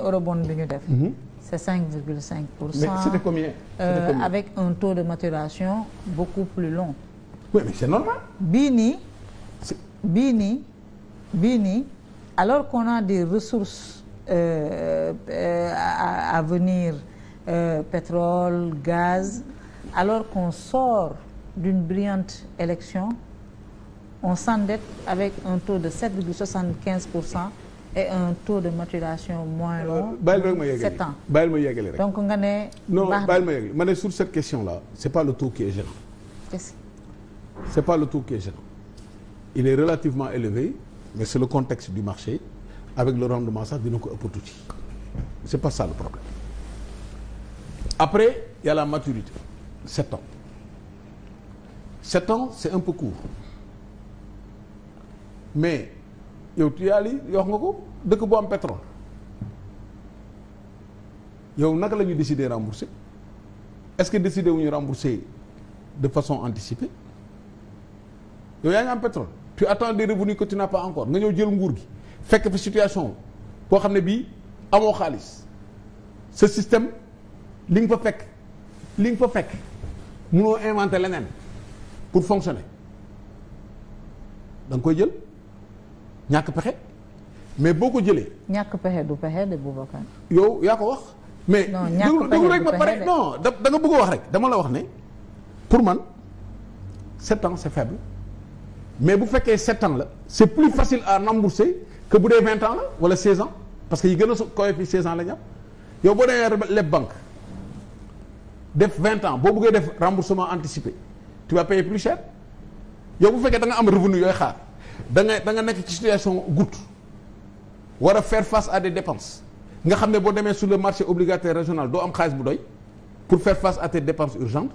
eurobond bi ñu def. Mhm. c' est cinq virgule cinq pour cent. mais euh, combien. avec un taux de maturation beaucoup plus long. oui mais bii nii bii nii alors qu'on a des ressources euh, euh, à, à venir euh, pétrole gaz alors qu'on sort d'une brillante élection on s'endette avec un taux de 7,75 pour cent et un taux de maturation moins long. Euh, bàyyil rek ma yeggale sept ans bàyyil ma yeggale rek. donc non bàyyil ma yeggale ma ne sur cette question là c' pas le taux qui est gênant. qu' pas le taux qui est gênant. il est relativement élevé mais c'est le contexte du marché avec le rendement sax dina ko ëpp tuuti est pas ça le problème. après il y a la maturité sept ans sept ans c'est un peu court mais. yow tuyaal yi wax nga ko dëkk boo am pétrole yow naka la ñu décider rembourser est-ce que décider wu ñu rembourser de façon anticipée yow yaa ngi am pétrole tu attends des revenus que tu n'as pas encore nga ñëw jël nguur gi fekk fi situation boo xam ne bii amoo xaalis ce système li nga fa fekk li nga fa fekk munoo inventer leneen pour fonctionner danga koy jël. ñàkk pexe mais boo ko jëlee. ñàkk pexe du pexe de Boubacar. yow yaa ko wax. mais déglu rek ma pare non da nga bëgg wax rek dama la wax ne pour man sept ans c'est faible mais bu fekkee sept ans la c'est plus facile à rembourser que bu dee vingt ans la wala seize ans parce que yi gën a koy fi seize ans la ñu yow boo demee leb banque def vingt ans boo bëggee def remboursement anticipé tu vas payer plus cher yow bu fekkee danga am revenu yooy xaar. da nga da nga nekk ci situation goutte war a faire face à des dépenses nga xam ne boo demee su le marché obligataire régional doo am xaalis bu doy pour faire face à tes dépenses urgentes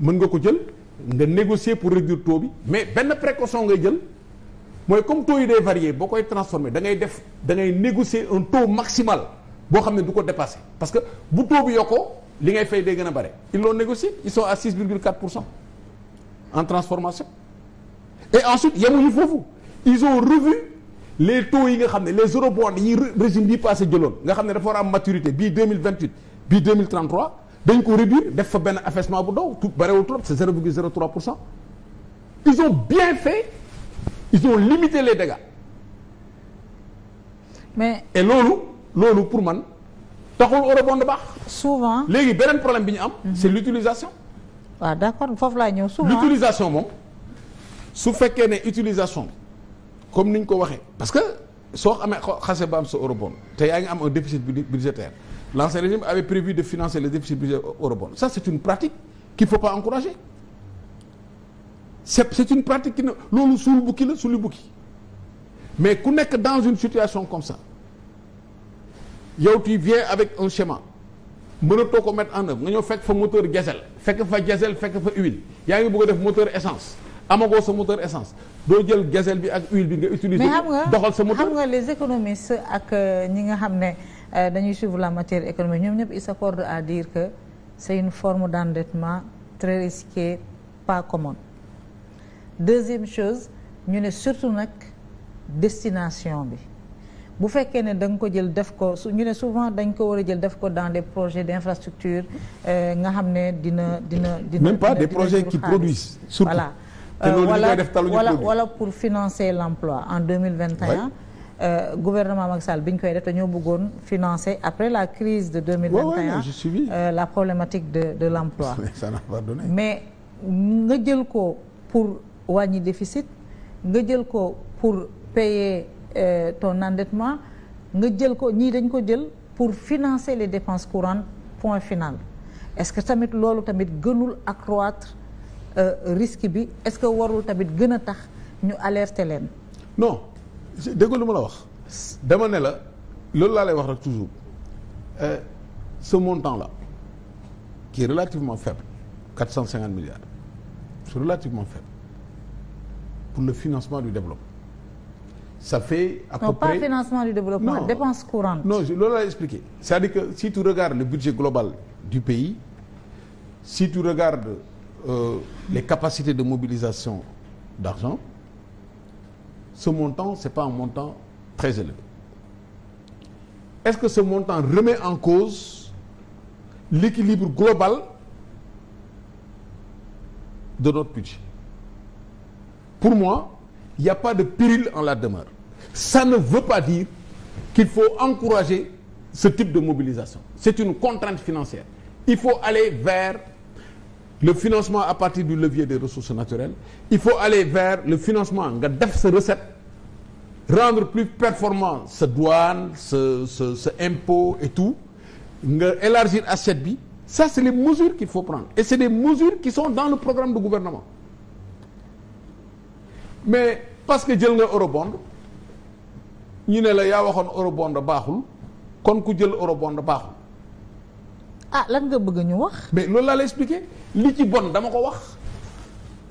mën nga ko jël nga négocier pour réduire taux bi mais benn précaution ngay jël mooy comme taux yi day varier boo koy transformer da ngay def da ngay négocier un taux maximal boo xam ne du ko dépasser parce que bu taux bi yokkoo li ngay fay day gën a bare ils l'ont négocié ils sont à 6,4 pour cent en transformation et ensuite yemuñu foofu ils ont revu les taux yi nga xam ne les eurobonds yi régime bii passé jëloon nga xam ne dafa war a am maturité bii 2028 bii 2033 dañ ko réduire def fa benn affaissement bu ndaw tout barewul trop c'est 0,03 pour cent ils ont bien fait ils ont limité les dégâts mais et loolu loolu pour man taxul eurobond baax. souvent léegi beneen problème bi ñu am. Mhm. c'est l'utilisation. waaw d'accord foofu laa ñëw souvent l'utilisation moom. su fekkee ne utilisation comme ni ñu ko waxee parce que soo amee xase ba am sa eurobond te yaa ngi am un déficit budgétaire l'ancien régime avait prévu de financer le déficit budgétaire eurobond ça c'est une pratique qu'il faut pas encourager c'est c'est une pratique qui ne loolu suul bukki la suulu bukki mais ku nekk dans une situation comme ça yow tu viens avec un schéma mënatoo ko mettre en œuvre nga ñëw fekk fa moteur diesel fekk fa diesel fekk fa huile yaa ngi bëgg a def moteur essence amagoo sa moteur essence doo jël gazelle bi ak huile bi nga utiliser doxal sa moteur mais xam nga les économistes ak euh, ñi nga xam ne euh, dañuy suivre la matière économique ñoom ñëpp sa s'accordent à dire que c'est une forme d'endettement très risquée pas commune deuxième chose ñu ne surtout nag destination bi bu fekkee ne da nga ko jël def ko ñu ne souvent dañ ko war a jël def ko dans des projets d'infrastructure euh, nga xam ne dina dina dina même pas des projets qui produisent surtout wala euh, wala pour financer l'emploi en 2021 Euh, gouvernement Macky Sall bi ñu koy def ñoo bëggoon financer après la crise de 2021 ouais, ouais, euh, la problématique de de l'emploi mais nga jël ko pour wàññi déficit nga jël ko pour payer euh, ton endettement nga jël ko ñii dañ ko jël pour financer les dépenses courantes point final est-ce que tamit loolu tamit gënul accroître Euh, risque bi est-ce que warul tamit gën a tax ñu alerter leen. non déggoo lu ma la wax dama ne la loolu laa lay wax rek toujours euh, ce montant la kii est relativement faible quatre cent cinquante milliards c'est relativement faible pour le financement du développement. ça fait à non, peu financement du développement. non dépenses no non loolu laa expliqué. c'est-à-dire que si tu regardes le budget global du pays si tu euh, les capacités de mobilisation d'argent, ce montant, ce n'est pas un montant très élevé. Est-ce que ce montant remet en cause l'équilibre global de notre budget Pour moi, il n'y a pas de péril en la demeure. Ça ne veut pas dire qu'il faut encourager ce type de mobilisation. C'est une contrainte financière. Il faut aller vers le financement à partir du levier des ressources naturelles il faut aller vers le financement nga def sa recet rendre plus performant sa douane sa sa sa impôt et tout nga élargir assiette bi ça c'est les mesures qu'il faut prendre et c'est des mesures qui sont dans le programme de gouvernement mais parce que jël nga eurobond ñu ne la yaa waxoon eurobond baaxul kon ku jël eurobond baaxul ah lan nga bëgg ñu wax. mais loolu laa lay expliqué li ci bon dama ko wax.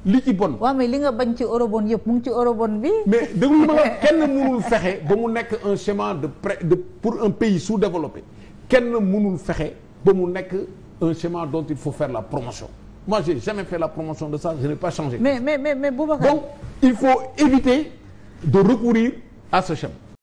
li ci bon waaw mais li nga bañ ci eurobond yëpp mu ci eurobond bi. mais déglu ma la kenn mënul fexe ba mu nekk un chemin de pré de pour un pays sous-développé kenn mënul fexe ba mu nekk un chemin dont il faut faire la promotion moi j'ai jamais fait la promotion de ça je n'ai pas changé. mais mais mais mais Boubacar. donc il faut éviter de recourir à ce chemin.